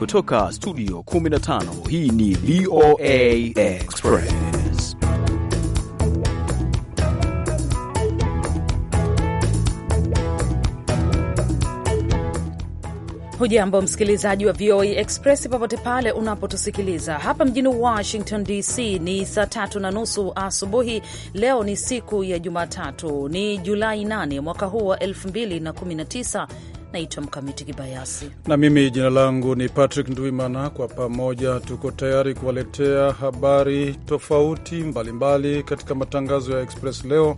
kutoka studio 15 hii ni VOA Express. Hujambo msikilizaji wa VOA Express popote pale unapotusikiliza. Hapa mjini Washington DC ni saa tatu na nusu asubuhi. Leo ni siku ya Jumatatu, ni Julai 8 mwaka huu wa 2019 Naitwa Mkamiti Kibayasi na mimi jina langu ni Patrick Ndwimana. Kwa pamoja tuko tayari kuwaletea habari tofauti mbalimbali mbali katika matangazo ya Express leo.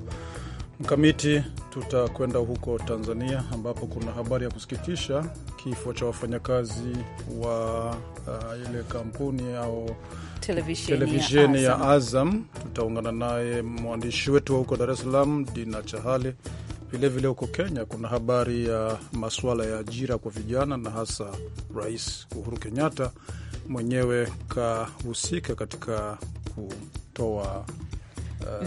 Mkamiti, tutakwenda huko Tanzania ambapo kuna habari ya kusikitisha, kifo cha wafanyakazi wa uh, ile kampuni au televisheni ya Azam. Tutaungana naye mwandishi wetu wa huko Dar es Salaam, Dina Chahali Vilevile huko Kenya kuna habari ya masuala ya ajira kwa vijana, na hasa Rais Uhuru Kenyatta mwenyewe kahusika katika kutoa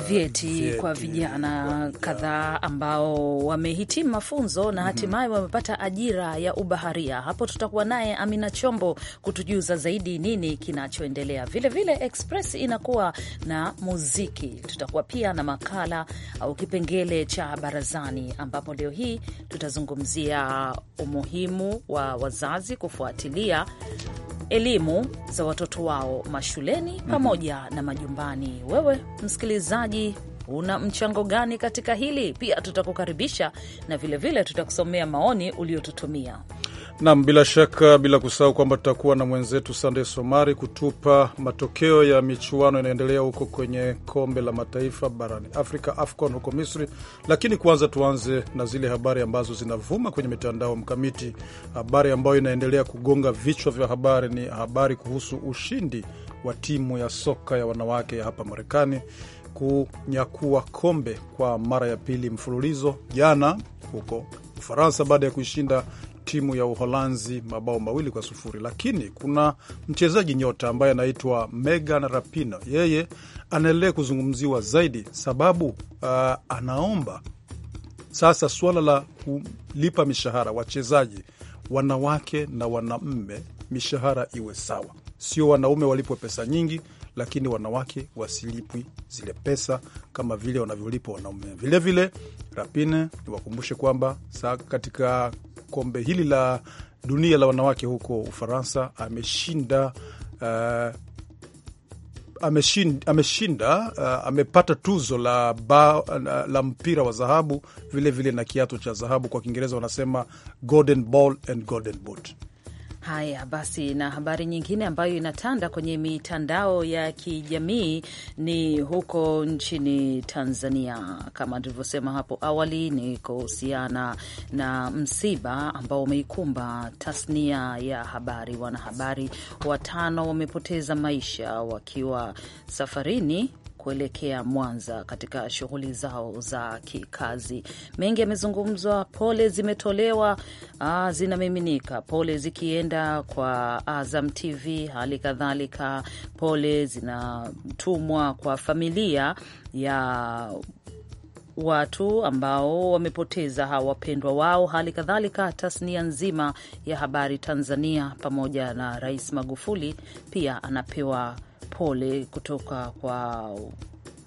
vyeti, vyeti kwa vijana kadhaa ambao wamehitimu mafunzo na mhm. hatimaye wamepata ajira ya ubaharia. Hapo tutakuwa naye Amina Chombo kutujuza zaidi nini kinachoendelea. Vilevile Express inakuwa na muziki, tutakuwa pia na makala au kipengele cha barazani, ambapo leo hii tutazungumzia umuhimu wa wazazi kufuatilia elimu za watoto wao mashuleni mhm. pamoja mm -hmm. na majumbani. Wewe msikilizaji msikilizaji, una mchango gani katika hili? Pia tutakukaribisha na vilevile tutakusomea maoni uliotutumia nam, bila shaka, bila kusahau kwamba tutakuwa na mwenzetu Sandey Somari kutupa matokeo ya michuano inaendelea huko kwenye kombe la mataifa barani Afrika, AFCON huko Misri. Lakini kwanza tuanze na zile habari ambazo zinavuma kwenye mitandao mkamiti. Habari ambayo inaendelea kugonga vichwa vya habari ni habari kuhusu ushindi wa timu ya soka ya wanawake ya hapa Marekani kunyakua kombe kwa mara ya pili mfululizo jana huko Ufaransa baada ya kuishinda timu ya Uholanzi mabao mawili kwa sufuri. Lakini kuna mchezaji nyota ambaye anaitwa Megan Rapino, yeye anaendelea kuzungumziwa zaidi sababu uh, anaomba sasa suala la kulipa mishahara wachezaji wanawake na wanaume mishahara iwe sawa, sio wanaume walipwe pesa nyingi lakini wanawake wasilipwi zile pesa kama vile wanavyolipwa wanaume. Vilevile Rapine, niwakumbushe kwamba saa katika kombe hili la dunia la wanawake huko Ufaransa ameshinda uh, ameshinda, ameshinda uh, amepata tuzo la, ba, uh, la mpira wa dhahabu vilevile na kiatu cha dhahabu, kwa Kiingereza wanasema golden ball and golden boot. Haya basi, na habari nyingine ambayo inatanda kwenye mitandao ya kijamii ni huko nchini Tanzania. Kama tulivyosema hapo awali, ni kuhusiana na msiba ambao umeikumba tasnia ya habari. Wanahabari watano wamepoteza maisha wakiwa safarini kuelekea Mwanza katika shughuli zao za kikazi. Mengi yamezungumzwa, pole zimetolewa, ah, zinamiminika, pole zikienda kwa Azam TV, hali kadhalika pole zinatumwa kwa familia ya watu ambao wamepoteza hawa wapendwa wao, hali kadhalika tasnia nzima ya habari Tanzania, pamoja na Rais Magufuli pia anapewa pole kutoka kwa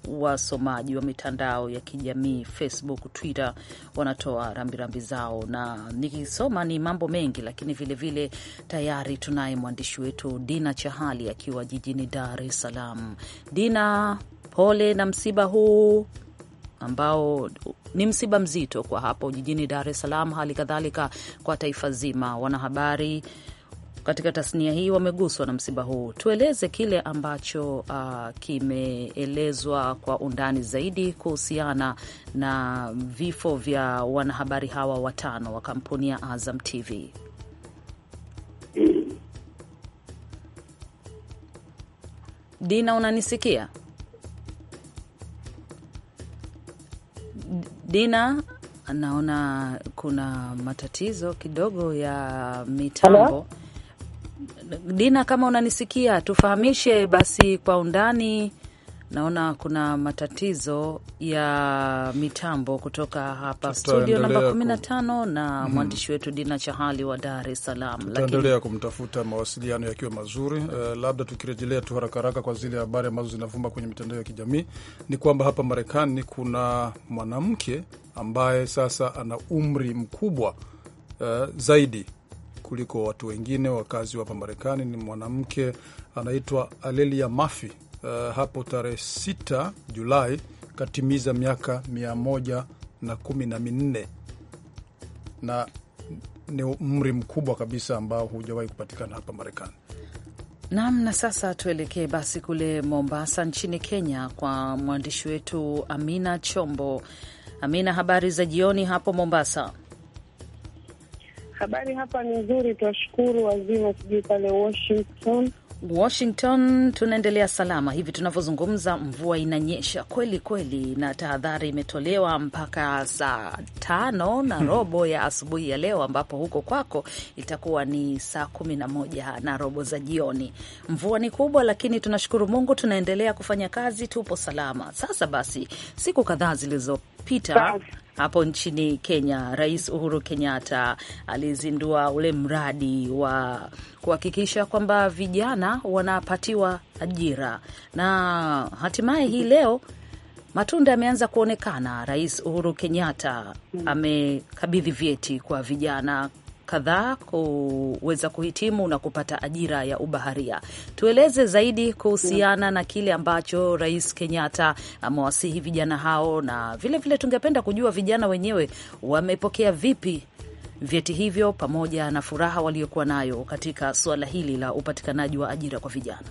wasomaji wa mitandao ya kijamii Facebook, Twitter, wanatoa rambirambi zao, na nikisoma ni mambo mengi, lakini vilevile vile tayari tunaye mwandishi wetu Dina Chahali akiwa jijini Dar es Salaam. Dina, pole na msiba huu ambao ni msiba mzito kwa hapo jijini Dar es Salaam, hali kadhalika kwa taifa zima. Wanahabari katika tasnia hii wameguswa na msiba huu. Tueleze kile ambacho uh, kimeelezwa kwa undani zaidi kuhusiana na vifo vya wanahabari hawa watano wa kampuni ya Azam TV. Dina, unanisikia? Dina, naona kuna matatizo kidogo ya mitambo. Hello? Dina, kama unanisikia, tufahamishe basi kwa undani. Naona kuna matatizo ya mitambo kutoka hapa studio namba 15 ku... na hmm, mwandishi wetu Dina Chahali wa Dar es Salaam. Tutaendelea lakini... kumtafuta mawasiliano yakiwa mazuri. Uh, labda tukirejelea tu haraka haraka kwa zile habari ambazo zinavuma kwenye mitandao ya kijamii ni kwamba hapa Marekani kuna mwanamke ambaye sasa ana umri mkubwa uh, zaidi kuliko watu wengine wakazi wa hapa Marekani ni mwanamke anaitwa Alelia Mafi. Uh, eh, hapo tarehe 6 Julai katimiza miaka mia moja na kumi na minne na ni umri mkubwa kabisa ambao hujawahi kupatikana hapa Marekani. Nam, na sasa tuelekee basi kule Mombasa nchini Kenya kwa mwandishi wetu Amina Chombo. Amina, habari za jioni hapo Mombasa? Habari hapa ni nzuri, twashukuru wazima. Sijui pale Washington. Washington tunaendelea salama. Hivi tunavyozungumza, mvua inanyesha kweli kweli, na tahadhari imetolewa mpaka saa tano na hmm. robo ya asubuhi ya leo, ambapo huko kwako itakuwa ni saa kumi na moja na robo za jioni. Mvua ni kubwa, lakini tunashukuru Mungu, tunaendelea kufanya kazi, tupo salama. Sasa basi, siku kadhaa zilizopita hapo nchini Kenya, Rais Uhuru Kenyatta alizindua ule mradi wa kuhakikisha kwamba vijana wanapatiwa ajira na hatimaye hii leo matunda yameanza kuonekana. Rais Uhuru Kenyatta hmm. amekabidhi vyeti kwa vijana kadhaa kuweza kuhitimu na kupata ajira ya ubaharia. Tueleze zaidi kuhusiana na kile ambacho Rais Kenyatta amewasihi vijana hao, na vilevile tungependa kujua vijana wenyewe wamepokea vipi vyeti hivyo pamoja na furaha waliokuwa nayo katika suala hili la upatikanaji wa ajira kwa vijana.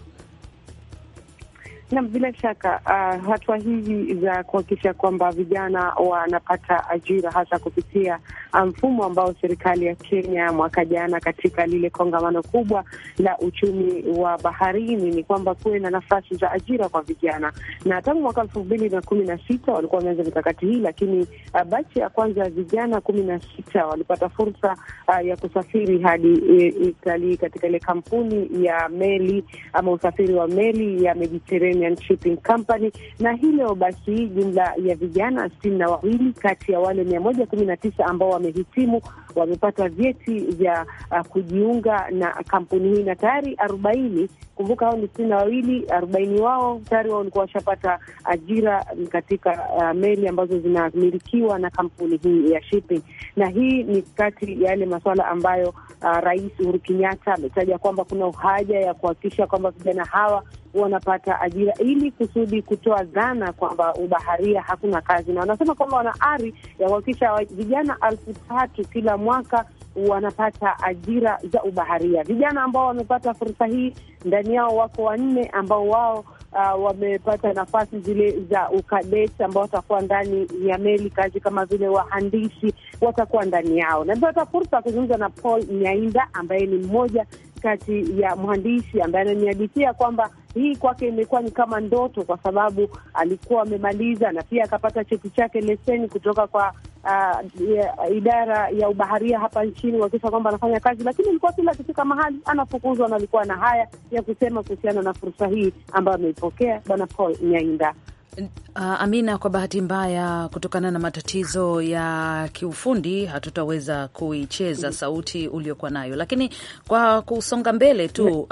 Nam, bila shaka uh, hatua hizi za kuhakikisha kwamba vijana wanapata ajira hasa kupitia uh, mfumo ambao serikali ya Kenya mwaka jana katika lile kongamano kubwa la uchumi wa baharini ni kwamba kuwe na nafasi za ajira kwa vijana, na tangu mwaka elfu mbili na kumi na sita walikuwa wameanza mikakati hii, lakini uh, bachi ya kwanza ya vijana kumi na sita walipata fursa uh, ya kusafiri hadi e, Italii katika ile kampuni ya meli ama usafiri wa meli ya Mediterranean Kenyan Shipping Company, na hii leo basi jumla ya vijana sitini na wawili kati ya wale mia moja kumi na tisa ambao wamehitimu wamepata vyeti vya uh, kujiunga na kampuni hii na tayari arobaini kumbuka hao ni sitini na wawili, arobaini wao tayari wao walikuwa washapata ajira katika uh, meli ambazo zinamilikiwa na kampuni hii ya shipping, na hii ni kati ya yale masuala ambayo uh, Rais Uhuru Kenyatta ametaja kwamba kuna haja ya kuhakikisha kwamba vijana hawa wanapata ajira ili kusudi kutoa dhana kwamba ubaharia hakuna kazi, na wanasema kwamba wana ari ya kuhakikisha vijana elfu tatu kila mwaka wanapata ajira za ubaharia. Vijana ambao wamepata fursa hii, ndani yao wako wanne ambao wao Uh, wamepata nafasi zile za ukadet ambao watakuwa ndani ya meli, kazi kama vile wahandisi watakuwa ndani yao. Napata fursa ya kuzungumza na Paul Nyainda ambaye ni mmoja kati ya mhandisi ambaye ananihadithia kwamba hii kwake imekuwa ni kama ndoto, kwa sababu alikuwa amemaliza na pia akapata cheti chake leseni kutoka kwa uh, idara ya ubaharia hapa nchini wakisha kwamba anafanya kazi, lakini ilikuwa kila akifika mahali anafukuzwa, na alikuwa na haya ya kusema kuhusiana na fursa hii ambayo ameipokea Bwana Paul Nyainda. Uh, Amina, kwa bahati mbaya, kutokana na matatizo ya kiufundi hatutaweza kuicheza mm-hmm. sauti uliokuwa nayo, lakini kwa kusonga mbele tu, uh,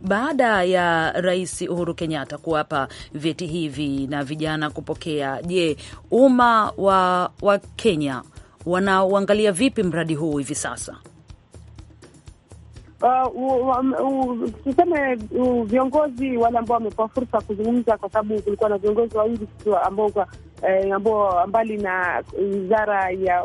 baada ya Rais Uhuru Kenyatta kuwapa vyeti hivi na vijana kupokea, je, umma wa, wa Kenya wanauangalia vipi mradi huu hivi sasa? Uh, tuseme viongozi wale ambao wamepewa fursa ya kuzungumza, kwa sababu kulikuwa na viongozi wawili ambao eh, ambao mbali na wizara ya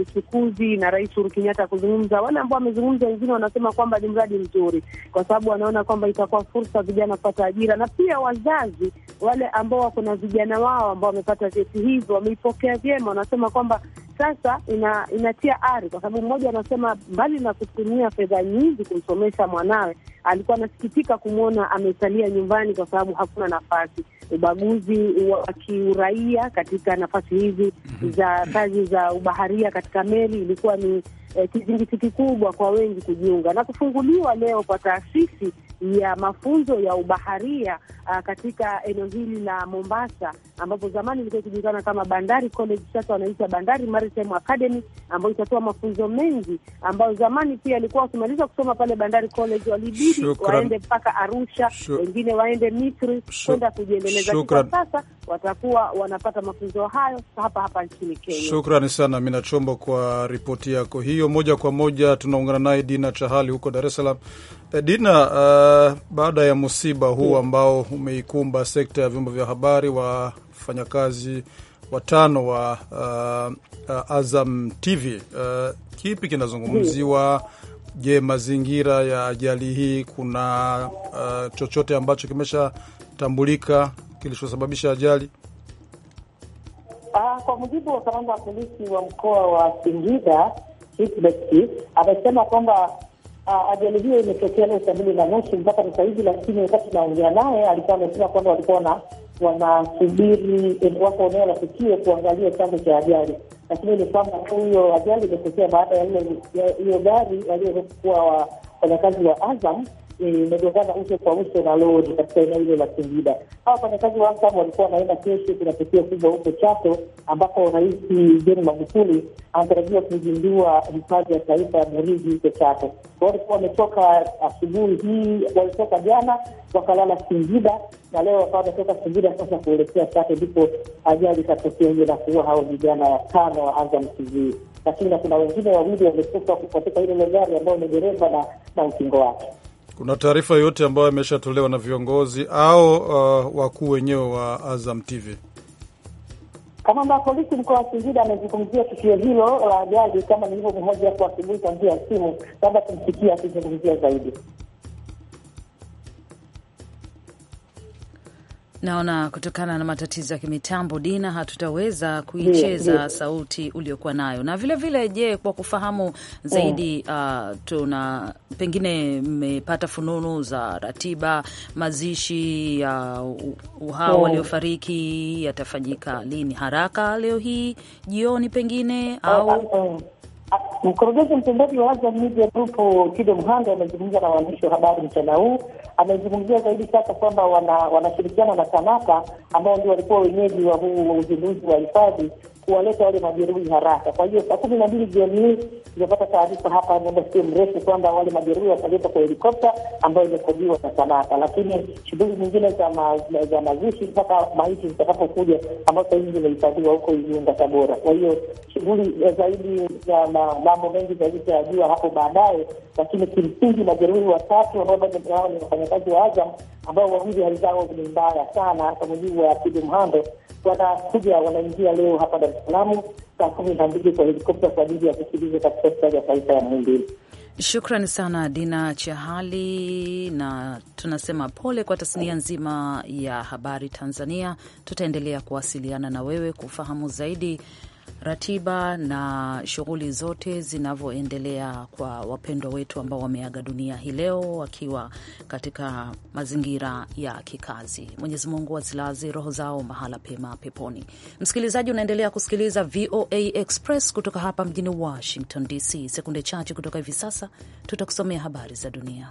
uchukuzi na Rais Uhuru Kenyatta kuzungumza, wale ambao wamezungumza, wengine wanasema kwamba ni mradi mzuri, kwa sababu wanaona kwamba itakuwa fursa vijana kupata ajira, na pia wazazi wale ambao wako na vijana wao ambao wamepata vyeti hivyo wameipokea vyema, wanasema kwamba sasa ina, inatia ari, kwa sababu mmoja anasema mbali na kutumia fedha nyingi kumsomesha mwanawe, alikuwa anasikitika kumwona amesalia nyumbani kwa sababu hakuna nafasi. Ubaguzi wa kiuraia katika nafasi hizi mhm. za kazi za ubaharia katika meli ilikuwa ni eh, kizingiti kikubwa kwa wengi kujiunga na kufunguliwa leo kwa taasisi ya mafunzo ya ubaharia uh, katika eneo hili la Mombasa, ambapo zamani ilikuwa ikijulikana kama Bandari College, sasa wanaita Bandari Maritime Academy, ambayo itatoa mafunzo mengi ambayo zamani pia alikuwa wakimaliza kusoma pale Bandari College walibidi waende mpaka Arusha, wengine waende Misri kwenda kujiendeleza. Sasa watakuwa wanapata mafunzo hayo hapa hapa nchini Kenya. Shukrani sana Mina Chombo kwa ripoti yako hiyo. Moja kwa moja tunaungana naye Dina Chahali huko Dar es Salaam. Eh, Dina, uh, baada ya musiba huu hmm. ambao umeikumba sekta ya vyombo vya habari, wafanyakazi watano wa uh, uh, Azam TV uh, kipi kinazungumziwa? Je, mazingira ya ajali hii, kuna uh, chochote ambacho kimeshatambulika kilichosababisha ajali? Uh, kwa mujibu wa kamanda wa polisi wa mkoa wa Singida amesema kwamba Ah, ajali hiyo imetokea leo saa mbili na nusu mpaka sasa hivi, lakini wakati naongea naye alikuwa amesema kwamba walikuwa na wanasubiri wako eneo la tukio kuangalia chanzo cha ajali, lakini ni kwamba tu hiyo ajali imetokea baada ya hiyo gari waliokuwa wafanyakazi wa Azam Eh, imegongana uso kwa uso na lori katika eneo hilo la Singida. Hawa wafanyakazi wa AMCAM walikuwa wanaenda kesho, kuna tukio kubwa huko Chato ambapo Rais John Magufuli anatarajiwa kuzindua hifadhi ya taifa ya Murizi huko Chato. Walikuwa wametoka asubuhi hii, walitoka jana wakalala Singida na leo wakawa wametoka Singida sasa kuelekea Chato, ndipo ajali ikatokea hiyo na kuua hao vijana watano wa Azam TV, lakini na kuna wengine wawili wamekufa katika hilo gari ambao ni dereva na ukingo wake. Kuna taarifa yoyote ambayo imeshatolewa na viongozi au uh, wakuu wenyewe wa Azam TV? Kamanda wa polisi mkoa wa Singida amezungumzia tukio hilo la ajali kama nilivyomhoji hapo asubuhi kwa njia ya simu, labda tumsikia akizungumzia zaidi. Naona kutokana na matatizo ya kimitambo, Dina, hatutaweza kuicheza yeah, yeah, sauti uliokuwa nayo na vilevile. Je, kwa kufahamu zaidi mm. uh, tuna pengine mmepata fununu za ratiba mazishi ya uh, uhao mm. waliofariki yatafanyika lini? Haraka leo hii jioni pengine ah, au ah, mm, Mkurugenzi mtendaji wa Azam Media Group Kido Mhanga amezungumza na waandishi wa habari mchana huu. Amezungumzia zaidi sasa kwamba wanashirikiana na TANAPA ambao ndio walikuwa wenyeji wa huu uzinduzi wa hifadhi kuwaleta wale majeruhi haraka. Kwa hiyo saa kumi na mbili jioni hii tumepata taarifa hapa muda sio mrefu kwamba wale majeruhi wataletwa kwa helikopta ambayo imekodiwa na Samata, lakini shughuli nyingine za za mazishi mpaka maiti zitakapokuja, ambazo sahizi zimehifadhiwa huko Iunga, Tabora. Kwa hiyo shughuli zaidi za mambo mengi zaidi tutajua hapo baadaye, lakini kimsingi majeruhi watatu ambao bado hao ni wafanyakazi wa Azam ambao wawili hali zao ni mbaya sana, kwa mujibu wa Kidu Mhando, wanakuja wanaingia leo hapa Dar es Salaam saa kumi na mbili kwa helikopta kwa ajili ya kusikiliza katika hospitali ya taifa ya Muhimbili. Shukrani sana Dina Chahali, na tunasema pole kwa tasnia nzima ya habari Tanzania. Tutaendelea kuwasiliana na wewe kufahamu zaidi ratiba na shughuli zote zinavyoendelea kwa wapendwa wetu ambao wameaga dunia hii leo wakiwa katika mazingira ya kikazi. Mwenyezi Mungu azilaze roho zao mahala pema peponi. Msikilizaji, unaendelea kusikiliza VOA Express kutoka hapa mjini Washington DC. Sekunde chache kutoka hivi sasa tutakusomea habari za dunia.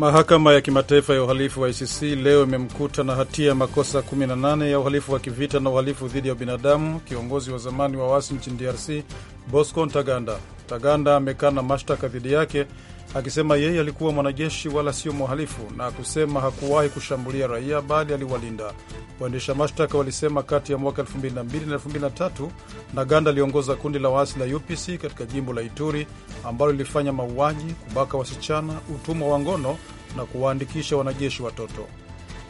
Mahakama ya Kimataifa ya Uhalifu wa ICC leo imemkuta na hatia ya makosa 18 ya uhalifu wa kivita na uhalifu dhidi ya binadamu kiongozi wa zamani wa waasi nchini DRC Bosco Ntaganda. Ntaganda amekana mashtaka dhidi yake akisema yeye alikuwa mwanajeshi wala sio mhalifu, na kusema hakuwahi kushambulia raia bali aliwalinda. Waendesha mashtaka walisema kati ya mwaka 2002 na 2003 aliongoza kundi la waasi la UPC katika jimbo la Ituri ambalo lilifanya mauaji, kubaka wasichana, utumwa wa ngono na kuwaandikisha wanajeshi watoto.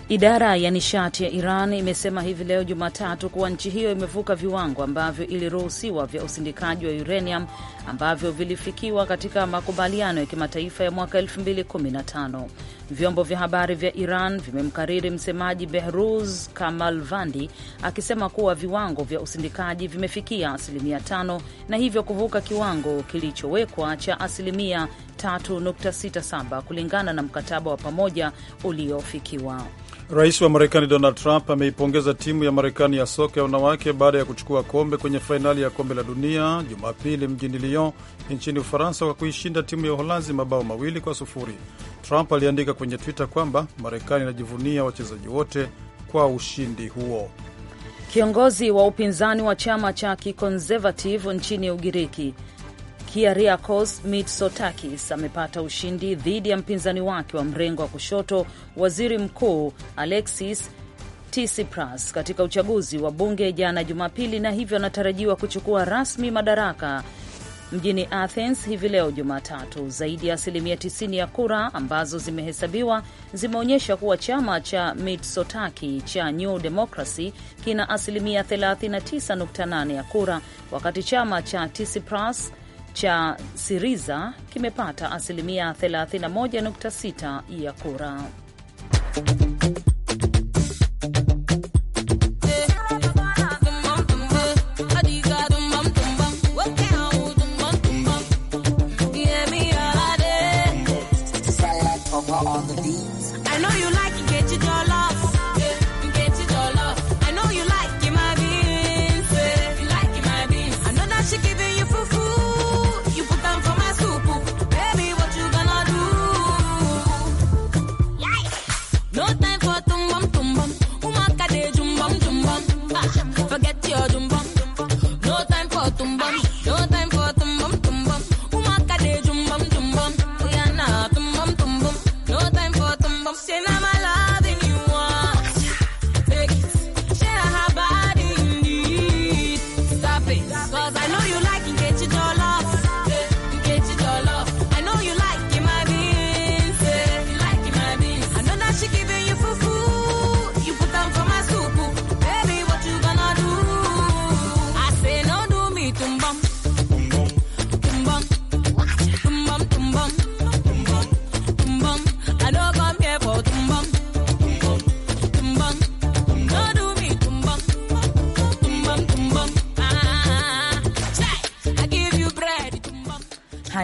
Idara ya nishati ya Iran imesema hivi leo Jumatatu kuwa nchi hiyo imevuka viwango ambavyo iliruhusiwa vya usindikaji wa uranium ambavyo vilifikiwa katika makubaliano ya kimataifa ya mwaka 2015. Vyombo vya habari vya Iran vimemkariri msemaji Behruz Kamalvandi akisema kuwa viwango vya usindikaji vimefikia asilimia t5 na hivyo kuvuka kiwango kilichowekwa cha asilimia 3.67 kulingana na mkataba wa pamoja uliofikiwa. Rais wa Marekani Donald Trump ameipongeza timu ya Marekani ya soka ya wanawake baada ya kuchukua kombe kwenye fainali ya kombe la dunia Jumapili mjini Lyon nchini Ufaransa kwa kuishinda timu ya Uholanzi mabao mawili kwa sufuri. Trump aliandika kwenye Twitter kwamba Marekani inajivunia wachezaji wote kwa ushindi huo. Kiongozi wa upinzani wa chama cha kiconservative nchini Ugiriki Kyriakos Mitsotakis amepata ushindi dhidi ya mpinzani wake wa mrengo wa kushoto, waziri mkuu Alexis Tsipras katika uchaguzi wa bunge jana Jumapili, na hivyo anatarajiwa kuchukua rasmi madaraka mjini Athens hivi leo Jumatatu. Zaidi ya asilimia 90 ya kura ambazo zimehesabiwa zimeonyesha kuwa chama cha Mitsotaki cha New Democracy kina asilimia 39.8 ya kura, wakati chama cha Tsipras cha Siriza kimepata asilimia 31.6 ya kura.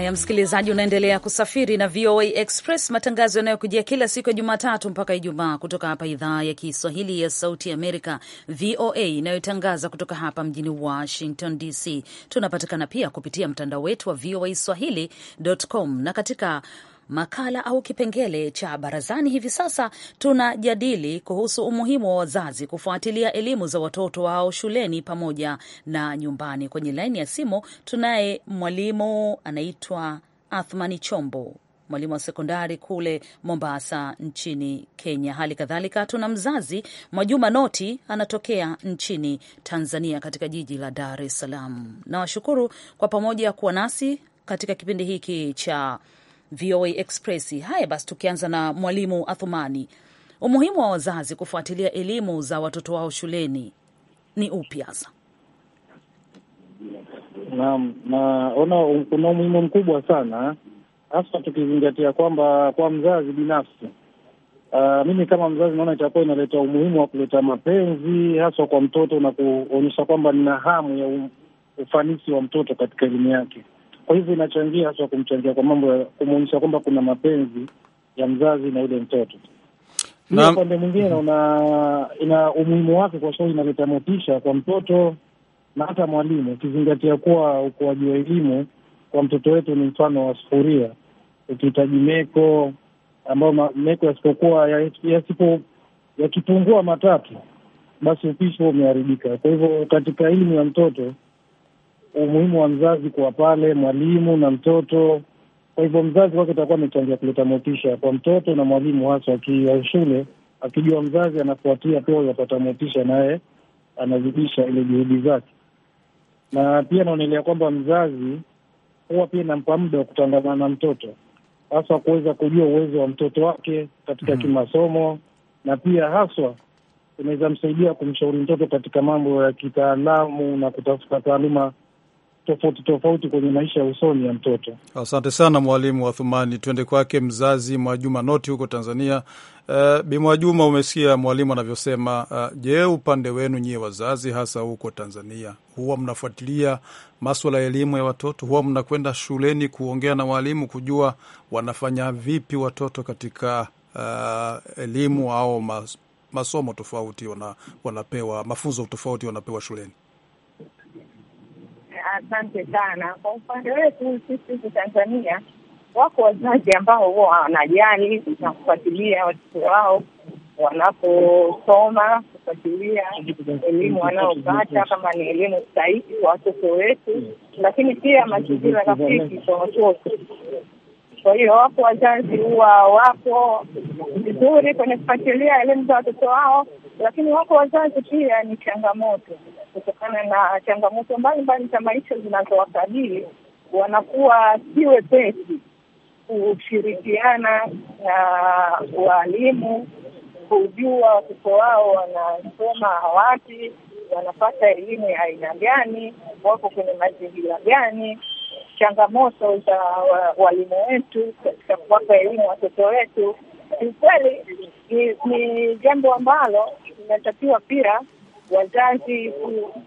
Haya, msikilizaji, unaendelea kusafiri na VOA Express, matangazo yanayokujia kila siku ya Jumatatu mpaka Ijumaa kutoka hapa idhaa ya Kiswahili ya Sauti Amerika, VOA inayotangaza kutoka hapa mjini Washington DC. Tunapatikana pia kupitia mtandao wetu wa VOA swahili.com na katika makala au kipengele cha barazani. Hivi sasa tunajadili kuhusu umuhimu wa wazazi kufuatilia elimu za watoto wao shuleni pamoja na nyumbani. Kwenye laini ya simu tunaye mwalimu anaitwa Athmani Chombo, mwalimu wa sekondari kule Mombasa nchini Kenya. Hali kadhalika tuna mzazi Mwajuma Noti, anatokea nchini Tanzania, katika jiji la Dar es Salaam. Nawashukuru kwa pamoja kuwa nasi katika kipindi hiki cha VOA Express. Haya basi, tukianza na Mwalimu Athumani, umuhimu wa wazazi kufuatilia elimu za watoto wao shuleni ni upi hasa? Naam, naona kuna umuhimu mkubwa sana, hasa tukizingatia kwamba kwa mzazi binafsi Uh, mimi kama mzazi naona itakuwa inaleta umuhimu wa kuleta mapenzi haswa kwa mtoto na kuonyesha kwamba nina hamu ya ufanisi wa mtoto katika elimu yake. Kwa hivyo inachangia haswa kumchangia kwa mambo ya kumwonyesha kwamba kuna mapenzi ya mzazi na yule mtoto. na... upande mwingine una ina umuhimu wake, kwa sababu inaleta motisha kwa mtoto na hata mwalimu, ukizingatia kuwa ukuaji wa elimu kwa mtoto wetu ni mfano wa sufuria, ukihitaji meko ambayo meko yasipokuwa yasipo yakipungua matatu, basi upishi huo umeharibika. Kwa hivyo katika elimu ya mtoto umuhimu wa mzazi kuwa pale, mwalimu na mtoto. Kwa hivyo mzazi wake utakuwa amechangia kuleta motisha kwa mtoto na mwalimu, hasa akiwa shule, akijua mzazi anafuatia, pia yapata motisha, naye anazidisha ile juhudi zake. Na pia naonelea kwamba mzazi huwa pia inampa muda wa kutangamana na mtoto, haswa kuweza kujua uwezo wa mtoto wake katika mm -hmm. kimasomo na pia haswa inaweza msaidia kumshauri mtoto katika mambo ya kitaalamu na kutafuta taaluma tofauti tofauti kwenye maisha ya usoni ya mtoto. Asante sana Mwalimu wa Thumani. Tuende kwake mzazi Mwajuma Noti huko Tanzania. Uh, Bi Mwajuma, umesikia mwalimu anavyosema. Uh, je, upande wenu nyie wazazi hasa huko Tanzania huwa mnafuatilia maswala ya elimu ya watoto? Huwa mnakwenda shuleni kuongea na waalimu kujua wanafanya vipi watoto katika uh, elimu au mas, masomo tofauti wana, wanapewa mafunzo tofauti wanapewa shuleni? Asante sana. Kwa upande wetu sisi Tanzania, wako wazazi ambao huwa wanajali na kufuatilia watoto wao wanaposoma, kufuatilia elimu wanaopata, kama ni elimu stahiki kwa watoto wetu, lakini pia mazingira rafiki kwa watoto. Kwa hiyo wako wazazi huwa wapo vizuri kwenye kufuatilia elimu za watoto wao lakini wako wazazi pia ni changamoto, kutokana na changamoto mbalimbali za maisha zinazowakabili, wanakuwa si wepesi kushirikiana na walimu kujua watoto wao wanasoma wapi, wanapata elimu ya aina gani, wako kwenye mazingira gani. Changamoto za walimu wetu katika kuwapa elimu watoto wetu ni kweli ni jambo ambalo inatakiwa pia wazazi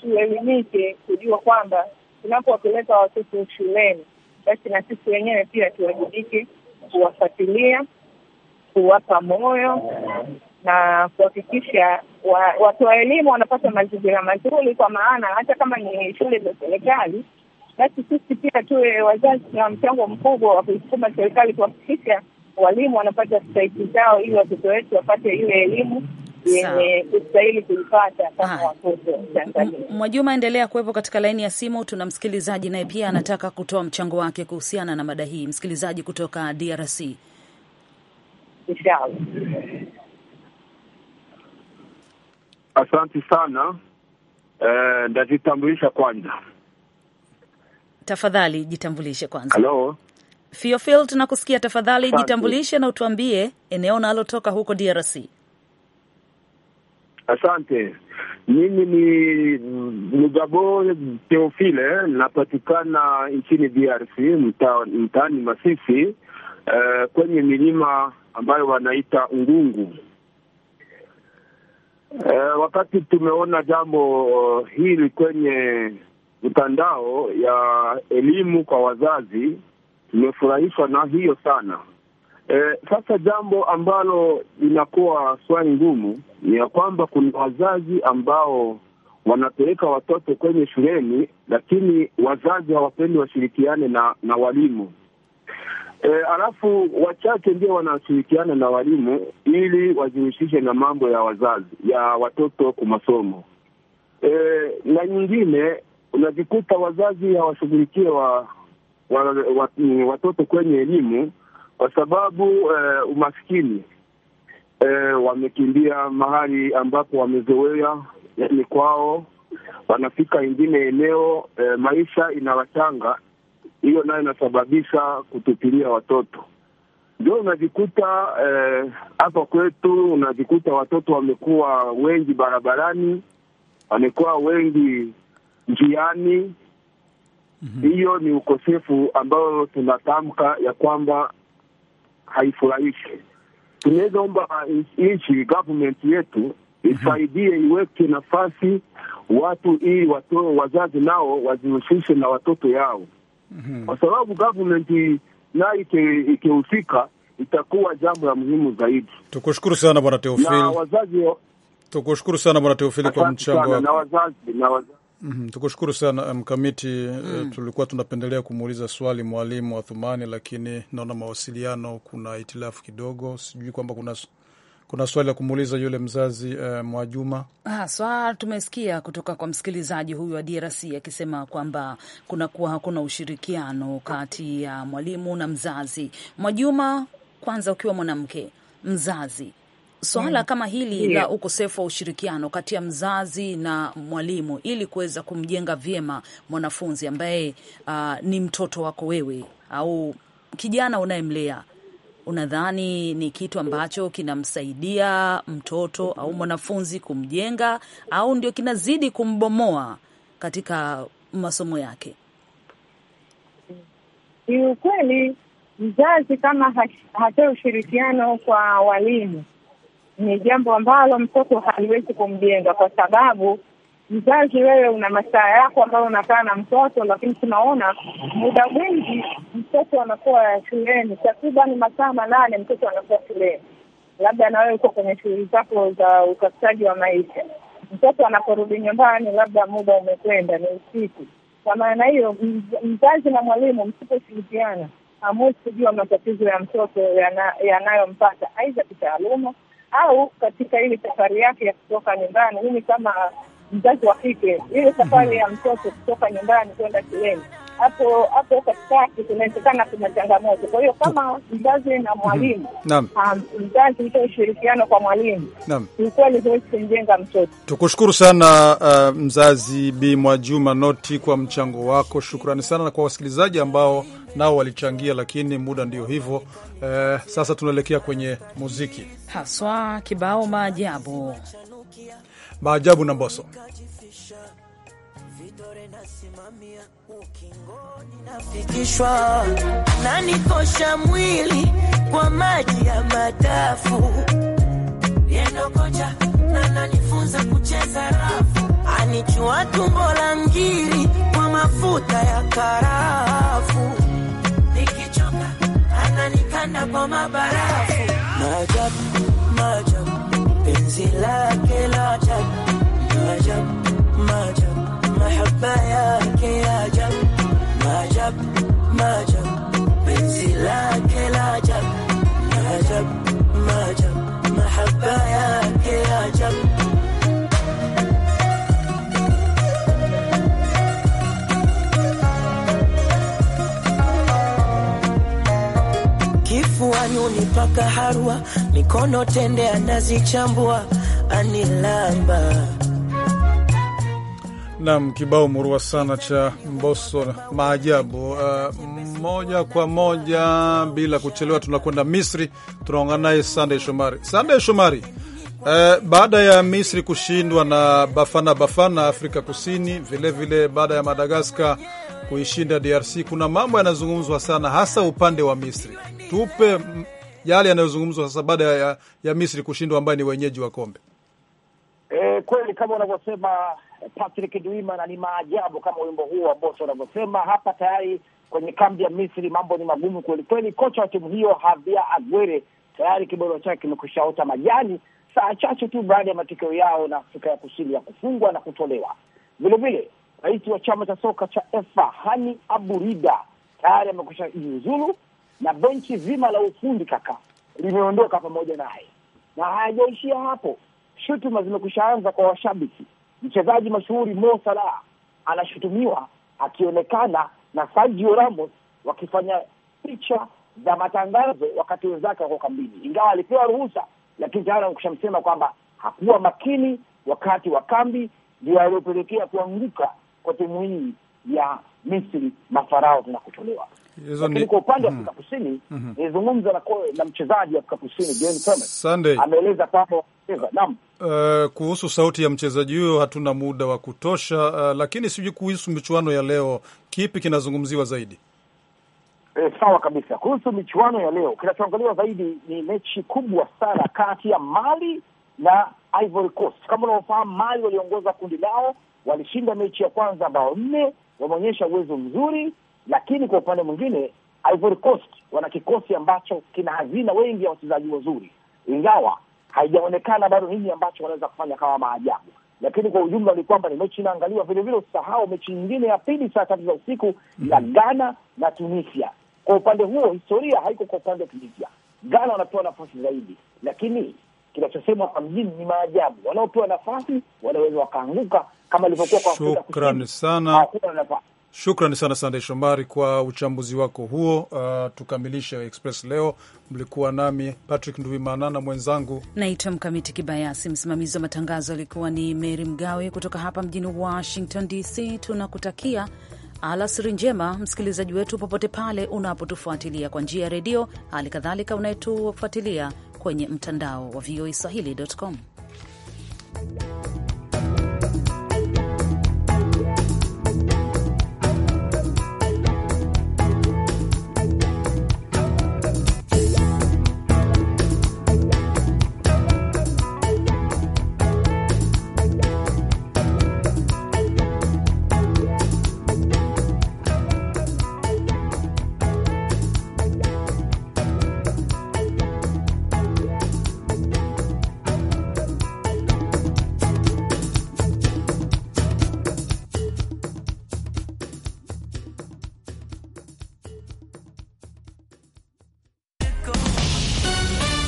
tuelimike kujua kwamba tunapowapeleka watoto shuleni, basi na sisi wenyewe pia tuwajibike kuwafuatilia, kuwapa moyo na kuhakikisha watoa elimu wanapata mazingira mazuri, kwa maana hata kama ni shule za serikali, basi sisi pia tuwe wazazi na mchango mkubwa wa kuisukuma serikali kuhakikisha walimu wanapata stahiki zao ili watoto wetu wapate ile elimu yenye kustahili Mwajuma, endelea kuwepo katika laini ya simu. Tuna msikilizaji naye pia anataka kutoa mchango wake kuhusiana na mada hii, msikilizaji kutoka DRC. Asante sana. Eh, ndajitambulisha kwanza. Tafadhali jitambulishe kwanza. Theophil, tunakusikia. Tafadhali jitambulishe na utuambie eneo unalotoka huko DRC. Asante. Mimi ni Mugabo teofile napatikana nchini DRC mtaani Masisi, uh, kwenye milima ambayo wanaita Ngungu. Uh, wakati tumeona jambo hili kwenye mtandao ya elimu kwa wazazi Nimefurahishwa na hiyo sana. E, sasa jambo ambalo linakuwa swali ngumu ni ya kwamba kuna wazazi ambao wanapeleka watoto kwenye shuleni, lakini wazazi hawapendi washirikiane na na walimu. E, alafu wachache ndio wanashirikiana na walimu ili wajihusishe na mambo ya wazazi ya watoto kwa masomo. E, na nyingine unajikuta wazazi hawashughulikie wa wa, wa, watoto kwenye elimu kwa sababu uh, umaskini uh, wamekimbia mahali ambapo wamezoea, yani kwao, wanafika ingine eneo uh, maisha inawachanga. Hiyo nayo inasababisha kutupilia watoto, ndio unajikuta hapa uh, kwetu unajikuta watoto wamekuwa wengi barabarani, wamekuwa wengi njiani Mhm. Hiyo mm -hmm. ni ukosefu ambao tunatamka ya kwamba haifurahishi. Tunaweza omba nchi government yetu mhm. isaidie, iweke nafasi watu ili watoe, wazazi nao wazihusishe na watoto yao mm -hmm. kwa sababu government nayo ikihusika itakuwa jambo la muhimu zaidi. Tukushukuru sana bwana Teofili, na wazazi tukushukuru sana bwana Teofili kwa mchango wako na wazazi na wazazi Mm -hmm. Tukushukuru sana mkamiti. um, eh, mm. tulikuwa tunapendelea kumuuliza swali mwalimu Athumani, lakini naona mawasiliano kuna itilafu kidogo, sijui kwamba kuna kuna swali la kumuuliza yule mzazi eh, Mwajuma haswa. Ah, tumesikia kutoka kwa msikilizaji huyu wa DRC akisema kwamba kunakuwa hakuna ushirikiano kati ya mwalimu na mzazi. Mwajuma, kwanza ukiwa mwanamke mzazi swala mm. kama hili yeah, la ukosefu wa ushirikiano kati ya mzazi na mwalimu ili kuweza kumjenga vyema mwanafunzi ambaye uh, ni mtoto wako wewe au kijana unayemlea, unadhani ni kitu ambacho kinamsaidia mtoto au mwanafunzi kumjenga au ndio kinazidi kumbomoa katika masomo yake? Ni ukweli mzazi kama hatoe ushirikiano kwa walimu ni jambo ambalo mtoto haliwezi kumjenga, kwa sababu mzazi, wewe una masaa yako ambayo unakaa na mtoto, lakini tunaona muda mwingi mtoto anakuwa shuleni, takriban masaa manane mtoto anakuwa shuleni, labda na wewe uko kwenye shughuli zako za utafutaji wa maisha. Mtoto anaporudi nyumbani, labda muda umekwenda, ni usiku. Kwa maana hiyo, mzazi na mwalimu msiposhirikiana, hamwezi kujua matatizo ya mtoto yanayompata, aidha kitaaluma au katika ile safari yake ya kutoka nyumbani. Mimi kama mzazi wa kike, ile safari ya mtoto kutoka nyumbani kwenda shuleni hapo hapo katikati kunawezekana kuna changamoto. Kwa hiyo kama mzazi na mwalimu mhm. um, mzazi itoe ushirikiano kwa mwalimu kiukweli huwezi kumjenga mtoto. Tukushukuru sana uh, mzazi Bi Mwajuma Noti kwa mchango wako, shukrani sana, na kwa wasikilizaji ambao nao walichangia, lakini muda ndio hivyo. Eh, sasa tunaelekea kwenye muziki haswa kibao maajabu maajabu na Mboso nafikishwa na nikosha mwili kwa maji ya madafu, na nanifunza kucheza rafu, anichua tumbo la ngiri kwa mafuta ya karafu sana kwa mabarafu. Maajabu, maajabu, penzi lake la ajabu. Maajabu, maajabu, mahaba yake ya ajabu. Maajabu, maajabu, penzi lake la ajabu. Maajabu kaharwa, mikono tende anazichambua anilamba nam kibao murua sana cha mboso maajabu. Uh, moja kwa moja bila kuchelewa, tunakwenda Misri, tunaongana naye Sunday Shomari. sande Shomari, uh, baada ya Misri kushindwa na Bafana Bafana Afrika Kusini, vilevile baada ya Madagaskar kuishinda DRC, kuna mambo yanazungumzwa sana, hasa upande wa Misri. Tupe yale yanayozungumzwa sasa baada ya, ya Misri kushindwa ambaye ni wenyeji wa kombe. E, kweli kama unavyosema Patrick Duimana, ni maajabu kama wimbo huu wa Boso unavyosema hapa. Tayari kwenye kambi ya Misri mambo ni magumu kweli kweli. Kocha wa timu hiyo Javier Aguirre tayari kibodo chake ota majani saa chache tu baada ya matokeo yao na Afrika ya Kusini ya kufungwa na kutolewa. Vilevile rais wa chama cha soka cha EFA Hani Aburida tayari amekwisha jiuzulu na benchi zima la ufundi kaka limeondoka pamoja naye, na hayajaishia hapo. Shutuma zimekushaanza kwa washabiki. Mchezaji mashuhuri Mo Salah anashutumiwa akionekana na Sergio Ramos wakifanya picha za matangazo wakati wenzake wako kambini, ingawa alipewa ruhusa, lakini tayari amekushamsema kwamba hakuwa makini wakati wa kambi, ndio aliyopelekea kuanguka kwa timu hii ya Misri mafarao tunakotolewa. Lakini kwa upande wa mhm. Afrika Kusini mhm. nilizungumza na mchezaji wa Afrika Kusini Jane ameeleza kwamba Uh, kuhusu sauti ya mchezaji huyo hatuna muda wa kutosha, uh, lakini sijui kuhusu michuano ya leo kipi kinazungumziwa zaidi? E, sawa kabisa. Kuhusu michuano ya leo kinachoangaliwa zaidi ni mechi kubwa sana kati ya Mali na Ivory Coast. Kama unavyofahamu, Mali waliongoza kundi lao, walishinda mechi ya kwanza bao nne, wameonyesha uwezo mzuri lakini kwa upande mwingine, Ivory Coast wana kikosi ambacho kina hazina wengi ya wachezaji wazuri, ingawa haijaonekana bado nini ambacho wanaweza kufanya kama maajabu. Lakini kwa ujumla ni kwamba ni mechi inaangaliwa. Vilevile usisahau mechi nyingine ya pili saa tatu za usiku ya mhm. Ghana na Tunisia. Kwa upande huo historia haiko kwa upande wa Tunisia. Ghana wanapewa nafasi zaidi, lakini kinachosema hapa mjini ni maajabu. Wanaopewa nafasi wanaweza wakaanguka, kama ilivyokuwa kwa Afrika Kusini. Shukrani sana. Shukrani sana Sandey Shomari kwa uchambuzi wako huo. Uh, tukamilishe Express leo. Mlikuwa nami Patrick Nduimana na mwenzangu naitwa Mkamiti Kibayasi. Msimamizi wa matangazo alikuwa ni Mary Mgawe kutoka hapa mjini Washington DC. Tunakutakia alasiri njema, msikilizaji wetu, popote pale unapotufuatilia kwa njia ya redio, hali kadhalika unayetufuatilia kwenye mtandao wa voa swahili.com.